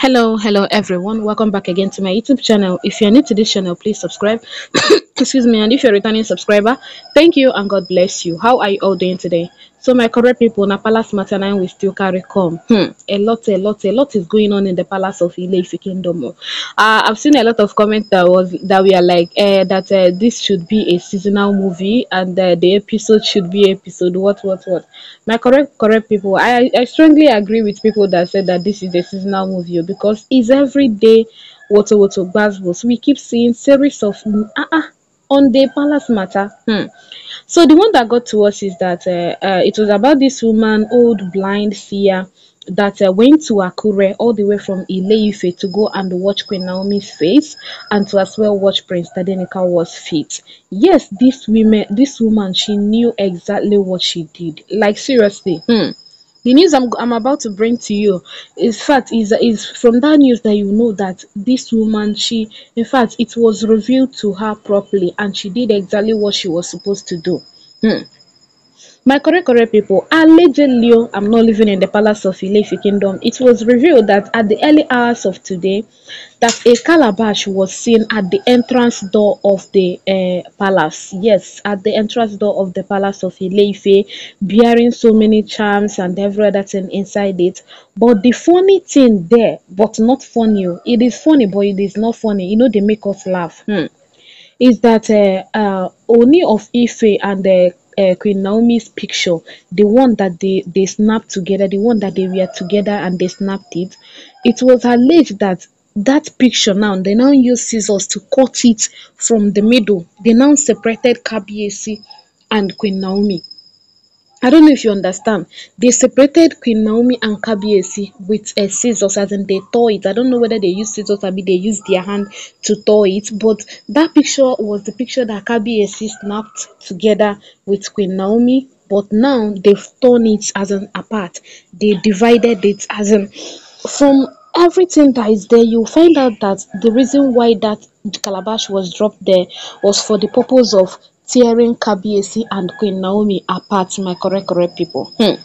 hello hello everyone welcome back again to my youtube channel if you're new to this channel please subscribe excuse me and if you're a returning subscriber thank you and god bless you how are you all doing today so my correct people, na Palace Matter we still carry come. Hmm. A lot, a lot, a lot is going on in the Palace of ile Kingdom. Uh, I've seen a lot of comments that was that we are like uh, that uh, this should be a seasonal movie and uh, the episode should be episode what what what. My correct correct people, I I strongly agree with people that said that this is a seasonal movie because it's every day. what? Woto Basbos. We keep seeing series of uh, uh, on the palace matter. Hmm. So the one that got to us is that uh, uh, it was about this woman, old blind seer, that uh, went to Akure all the way from Ileife to go and watch Queen Naomi's face and to as well watch Prince Tadenika was fit. Yes, this woman, this woman, she knew exactly what she did. Like seriously, hmm the news I'm, I'm about to bring to you is fact is is from that news that you know that this woman she in fact it was revealed to her properly and she did exactly what she was supposed to do hmm. My correct, correct people, allegedly, I'm not living in the palace of Ilefi Kingdom. It was revealed that at the early hours of today, that a calabash was seen at the entrance door of the uh, palace. Yes, at the entrance door of the palace of Ileife, bearing so many charms and every other thing inside it. But the funny thing there, but not funny, oh, it is funny, but it is not funny. You know, they make us laugh. Hmm. Is that eh, uh, uh, Oni of Ife and the eh, uh, Queen Naomi's picture, the one that they, they snapped together, the one that they were together and they snapped it, it was alleged that that picture now, they now use scissors to cut it from the middle. They now separated Kabiesi and Queen Naomi. I don't know if you understand. They separated Queen Naomi and Kabiesi with a scissors, as in they tore it. I don't know whether they used scissors or they used their hand to tore it, but that picture was the picture that Kabiesi snapped together with Queen Naomi. But now they've torn it as an apart. They divided it as in from everything that is there. You'll find out that the reason why that calabash was dropped there was for the purpose of tearing Kabiesi and Queen Naomi apart, my correct, correct people. Hmm.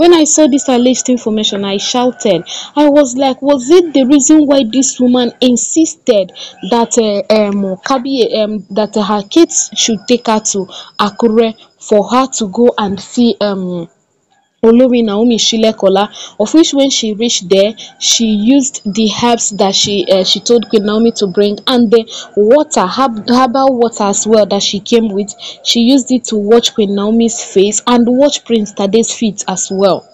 When I saw this alleged information, I shouted. I was like, was it the reason why this woman insisted that uh, um, Kabi, um, that uh, her kids should take her to Akure for her to go and see um, Olori Naomi Shilekola, of which when she reached there, she used the herbs that she uh, she told Queen Naomi to bring and the water, herb, herbal water as well that she came with. She used it to wash Queen Naomi's face and watch Prince Tade's feet as well.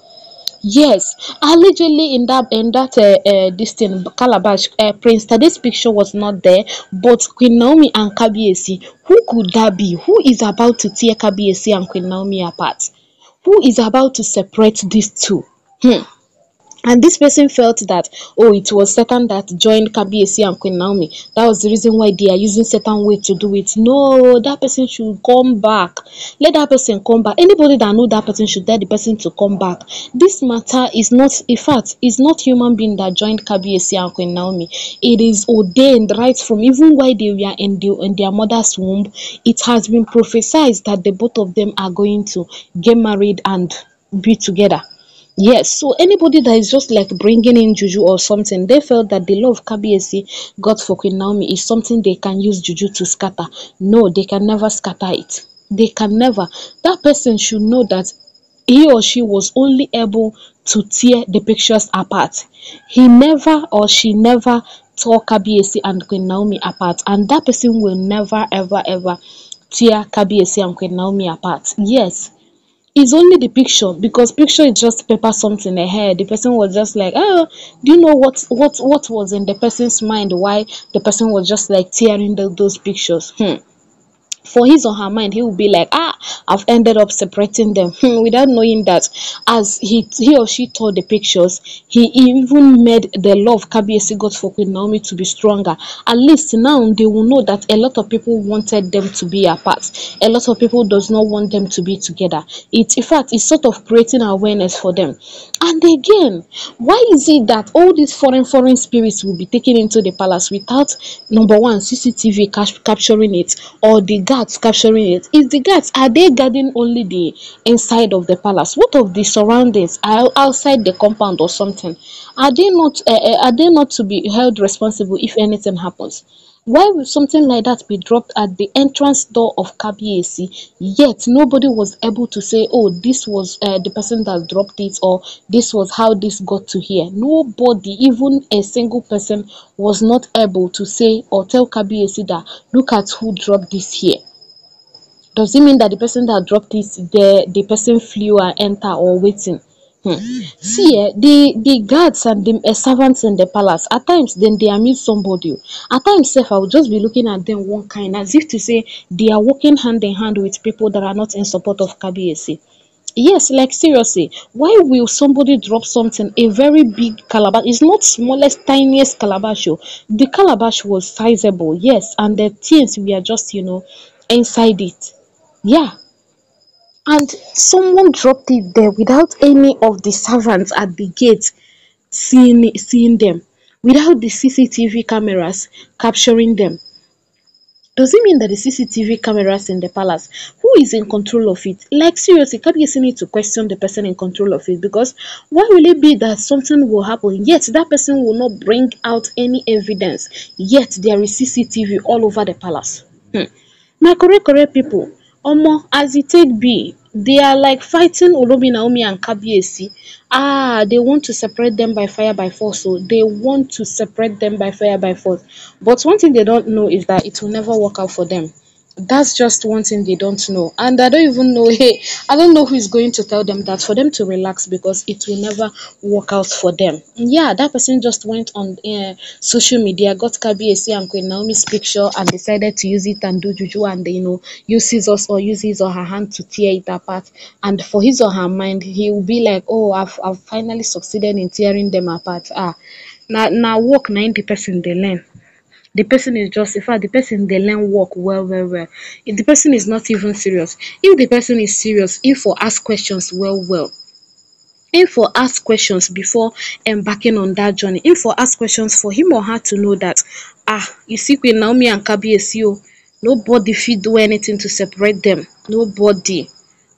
Yes, allegedly in that in that uh, uh, Calabash uh, Prince Tade's picture was not there, but Queen Naomi and Kabiesi, who could that be? Who is about to tear Kabiesi and Queen Naomi apart? who is about to separate these two. Hmm and this person felt that oh it was certain that joined KBC and Queen Naomi that was the reason why they are using certain way to do it no that person should come back let that person come back anybody that know that person should tell the person to come back this matter is not a fact it's not human being that joined KBC and Queen Naomi it is ordained right from even while they were in, the, in their mother's womb it has been prophesied that the both of them are going to get married and be together Yes, so anybody that is just like bringing in juju or something, they felt that the love Kabiesi got for Queen Naomi is something they can use juju to scatter. No, they can never scatter it. They can never. That person should know that he or she was only able to tear the pictures apart. He never or she never tore Kabiesi and Queen Naomi apart, and that person will never, ever, ever tear Kabiesi and Queen Naomi apart. Yes, it's only the picture because picture is just paper something ahead the person was just like oh do you know what what what was in the person's mind why the person was just like tearing the, those pictures hmm for his or her mind he will be like ah i've ended up separating them hmm, without knowing that as he he or she tore the pictures he even made the love kbsc got for queen naomi to be stronger at least now they will know that a lot of people wanted them to be apart a lot of people does not want them to be together it's in fact it's sort of creating awareness for them and again why is it that all these foreign foreign spirits will be taken into the palace without number one cctv capturing it or the guards capturing it? Is the guards, are they guarding only the inside of the palace? What of the surroundings? Are outside the compound or something? Are they not, uh, are they not to be held responsible if anything happens? Why would something like that be dropped at the entrance door of KBAC? Yet nobody was able to say, oh, this was uh, the person that dropped it or this was how this got to here. Nobody, even a single person, was not able to say or tell KBAC that, look at who dropped this here does it mean that the person that dropped it the the person flew and enter or waiting Hmm. Mm-hmm. See, eh, the, the guards and the uh, servants in the palace, at times then they amuse somebody. At times, self, I would just be looking at them one kind, as if to say they are working hand in hand with people that are not in support of KBSA. Yes, like seriously, why will somebody drop something, a very big calabash? It's not smallest, tiniest calabash. Oh. The calabash was sizable, yes, and the things we are just, you know, inside it. Yeah, and someone dropped it there without any of the servants at the gate seeing, seeing them, without the CCTV cameras capturing them. Does it mean that the CCTV cameras in the palace, who is in control of it? Like seriously, can't you see need to question the person in control of it? Because why will it be that something will happen, yet that person will not bring out any evidence, yet there is CCTV all over the palace? Hmm. My correct, correct people, omo as e take be they are like fighting Olobi Naomi and Kabiyesi ah they want to separate them by fire by force so oh. they want to separate them by fire by force but one thing they don't know is that it will never work out for them that's just one thing they don't know and i don't even know hey i don't know who is going to tell them that for them to relax because it will never work out for them yeah that person just went on uh, social media got kbac and queen naomi's picture and decided to use it and do juju and you know use scissors or use his or her hand to tear it apart and for his or her mind he will be like oh i've, I've finally succeeded in tearing them apart ah now now work 90 percent they learn the person is just in fact the person they learn work well well well if the person is not even serious if the person is serious if for ask questions well well if for ask questions before embarking on that journey if for ask questions for him or her to know that ah you see queen naomi and kabiyesi o oh, nobody fit do anything to separate them nobody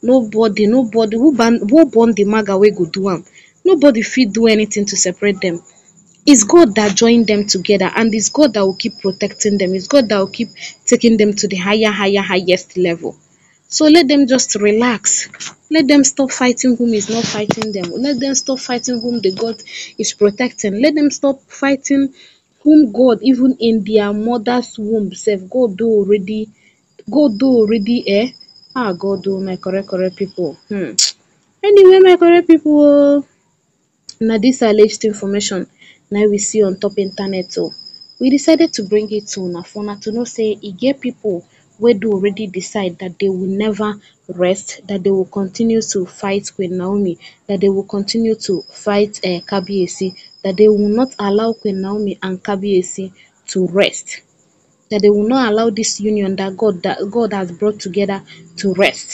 nobody nobody who born who born the maga wey go do nobody fit do anything to separate them it's God that joined them together and it's God that will keep protecting them. It's God that will keep taking them to the higher, higher, highest level. So let them just relax. Let them stop fighting whom is not fighting them. Let them stop fighting whom the God is protecting. Let them stop fighting whom God, even in their mother's womb, save God do already, God do already, eh? Ah, God do, my correct, correct people. Hmm. Anyway, my correct people, now this alleged information. Now we see on top internet so We decided to bring it to una to know say e get pipu wey don already decide that they will never rest, that they will continue to fight Queen Naomi, that they will continue to fight um Kabiyesi, that they will not allow Queen Naomi and Kabiyesi to rest, that they will not allow this union that God that God has brought together to rest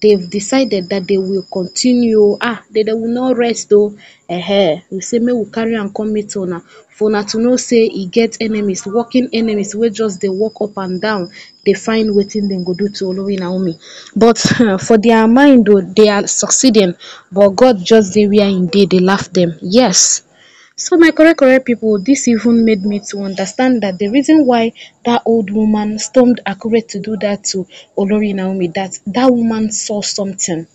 they've decided that they will continue ah they, they will not rest though. eh we say me we carry and come meet for not to know say he get enemies walking enemies Where just they walk up and down they find waiting them go do to olori naomi but for their mind oh they are succeeding but god just they we are indeed. They laugh them. yes so my correct correct people, this even made me to understand that the reason why that old woman stormed Akure to do that to Olori Naomi that that woman saw something.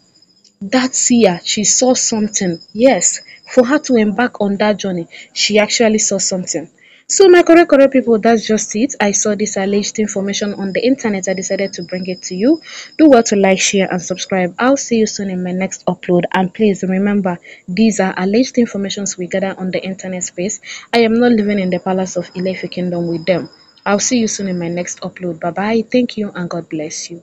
That seer she saw something yes for her to embark on that journey she actually saw something. So my correct correct people, that's just it. I saw this alleged information on the internet. I decided to bring it to you. Do well to like, share and subscribe. I'll see you soon in my next upload. And please remember, these are alleged informations we gather on the internet space. I am not living in the palace of Ilefi Kingdom with them. I'll see you soon in my next upload. Bye-bye. Thank you and God bless you.